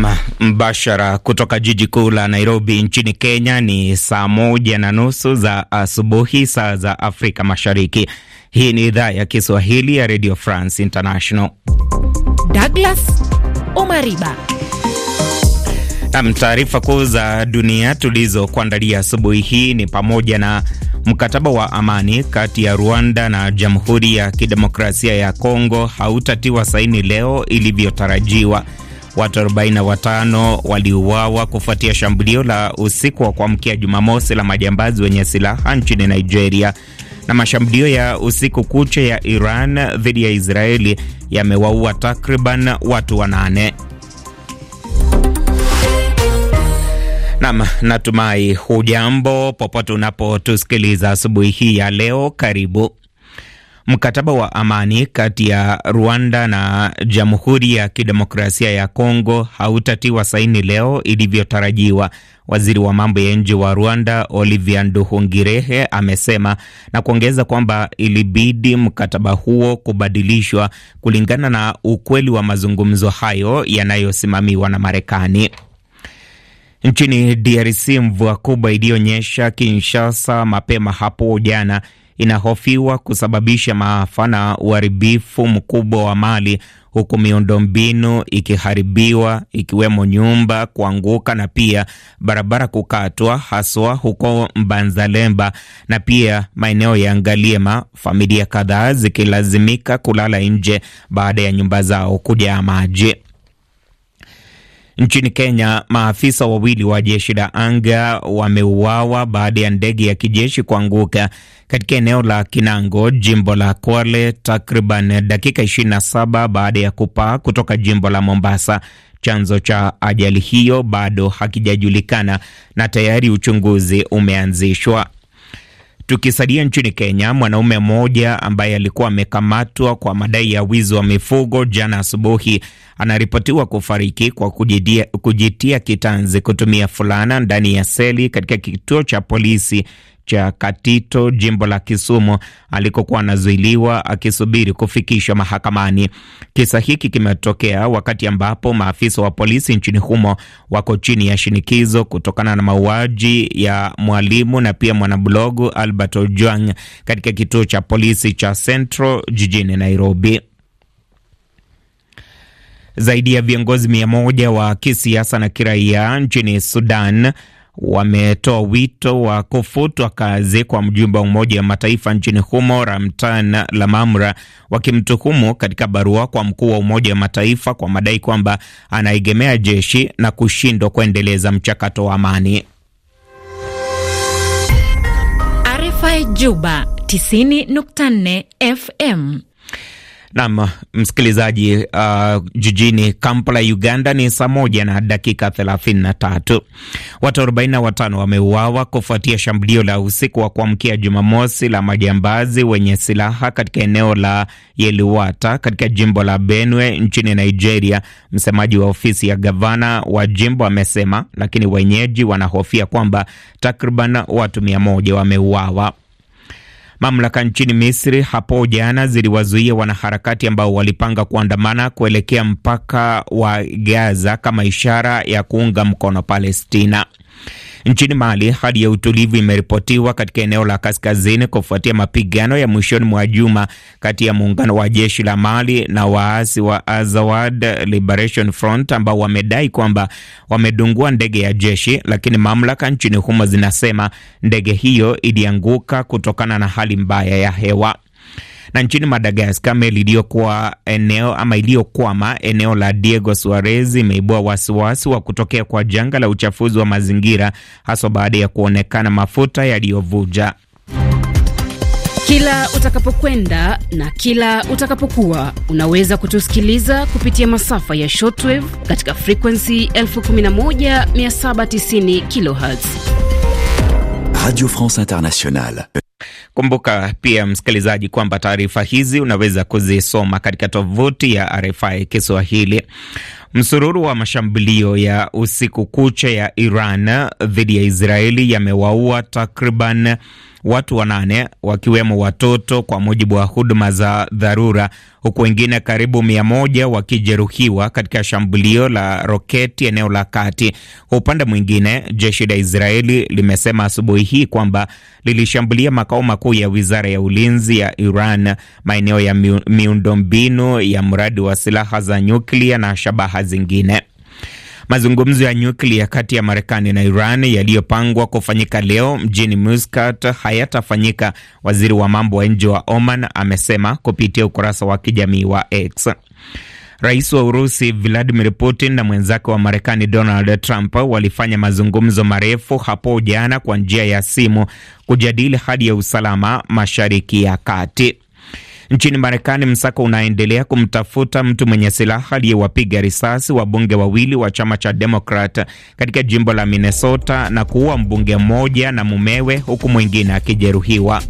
Nam mbashara kutoka jiji kuu la Nairobi nchini Kenya. Ni saa moja na nusu za asubuhi, saa za Afrika Mashariki. Hii ni idhaa ya Kiswahili ya Radio France International. Douglas Omariba nam, taarifa kuu za dunia tulizokuandalia asubuhi hii ni pamoja na mkataba wa amani kati ya Rwanda na Jamhuri ya Kidemokrasia ya Kongo hautatiwa saini leo ilivyotarajiwa Watu 45 waliuawa kufuatia shambulio la usiku wa kuamkia Jumamosi la majambazi wenye silaha nchini Nigeria na mashambulio ya usiku kucha ya Iran dhidi ya Israeli yamewaua takriban watu wanane. Nam, natumai hujambo popote unapotusikiliza asubuhi hii ya leo. Karibu Mkataba wa amani kati ya Rwanda na Jamhuri ya Kidemokrasia ya Kongo hautatiwa saini leo ilivyotarajiwa. Waziri wa mambo ya nje wa Rwanda olivia Nduhungirehe amesema na kuongeza kwamba ilibidi mkataba huo kubadilishwa kulingana na ukweli wa mazungumzo hayo yanayosimamiwa na Marekani. Nchini DRC, mvua kubwa iliyonyesha Kinshasa mapema hapo jana inahofiwa kusababisha maafa na uharibifu mkubwa wa mali huku miundombinu ikiharibiwa ikiwemo nyumba kuanguka na pia barabara kukatwa haswa huko Mbanzalemba na pia maeneo ya Ngaliema, familia kadhaa zikilazimika kulala nje baada ya nyumba zao kujaa maji. Nchini Kenya, maafisa wawili wa jeshi la anga wameuawa baada ya ndege ya kijeshi kuanguka katika eneo la Kinango, jimbo la Kwale, takriban dakika 27 baada ya kupaa kutoka jimbo la Mombasa. Chanzo cha ajali hiyo bado hakijajulikana na tayari uchunguzi umeanzishwa. Tukisalia nchini Kenya, mwanaume mmoja ambaye alikuwa amekamatwa kwa madai ya wizi wa mifugo jana asubuhi anaripotiwa kufariki kwa kujitia kitanzi kutumia fulana ndani ya seli katika kituo cha polisi cha Katito, jimbo la Kisumu, alikokuwa anazuiliwa akisubiri kufikishwa mahakamani. Kisa hiki kimetokea wakati ambapo maafisa wa polisi nchini humo wako chini ya shinikizo kutokana na mauaji ya mwalimu na pia mwanablogu Albert Ojwang katika kituo cha polisi cha Central jijini Nairobi. Zaidi ya viongozi mia moja wa kisiasa na kiraia nchini Sudan wametoa wito wa kufutwa kazi kwa mjumbe wa Umoja wa Mataifa nchini humo Ramtan Lamamra, wakimtuhumu katika barua kwa mkuu wa Umoja wa Mataifa kwa madai kwamba anaegemea jeshi na kushindwa kuendeleza mchakato wa amani. RFI Juba 90.4 FM Nam msikilizaji, uh, jijini Kampala, Uganda ni saa moja na dakika 33. Watu 45 wameuawa kufuatia shambulio la usiku wa kuamkia Jumamosi la majambazi wenye silaha katika eneo la Yeluwata katika jimbo la Benue nchini Nigeria, msemaji wa ofisi ya gavana wa jimbo amesema, lakini wenyeji wanahofia kwamba takriban watu 100 wameuawa. Mamlaka nchini Misri hapo jana ziliwazuia wanaharakati ambao walipanga kuandamana kuelekea mpaka wa Gaza kama ishara ya kuunga mkono Palestina. Nchini Mali, hali ya utulivu imeripotiwa katika eneo la kaskazini kufuatia mapigano ya mwishoni mwa juma kati ya muungano wa jeshi la Mali na waasi wa Azawad Liberation Front ambao wamedai kwamba wamedungua ndege ya jeshi, lakini mamlaka nchini humo zinasema ndege hiyo ilianguka kutokana na hali mbaya ya hewa na nchini Madagascar, meli iliyokuwa eneo ama iliyokwama eneo la Diego Suarez imeibua wasiwasi wa kutokea kwa janga la uchafuzi wa mazingira haswa baada ya kuonekana mafuta yaliyovuja. Kila utakapokwenda na kila utakapokuwa unaweza kutusikiliza kupitia masafa ya shortwave katika frequency 11790 kilohertz. Radio France Internationale. Kumbuka pia msikilizaji, kwamba taarifa hizi unaweza kuzisoma katika tovuti ya RFI Kiswahili. Msururu wa mashambulio ya usiku kucha ya Iran dhidi ya Israeli yamewaua takriban watu wanane wakiwemo watoto, kwa mujibu wa huduma za dharura, huku wengine karibu mia moja wakijeruhiwa katika shambulio la roketi eneo la kati. Kwa upande mwingine, jeshi la Israeli limesema asubuhi hii kwamba lilishambulia makao makuu ya wizara ya ulinzi ya Iran, maeneo ya miundombinu ya mradi wa silaha za nyuklia na shabaha zingine. Mazungumzo ya nyuklia kati ya Marekani na Iran yaliyopangwa kufanyika leo mjini Muscat hayatafanyika, waziri wa mambo ya nje wa Oman amesema kupitia ukurasa wa kijamii wa X. Rais wa Urusi Vladimir Putin na mwenzake wa Marekani Donald Trump walifanya mazungumzo marefu hapo jana kwa njia ya simu kujadili hali ya usalama Mashariki ya Kati. Nchini Marekani, msako unaendelea kumtafuta mtu mwenye silaha aliyewapiga risasi wabunge wawili wa chama cha Demokrat katika jimbo la Minnesota na kuua mbunge mmoja na mumewe, huku mwingine akijeruhiwa.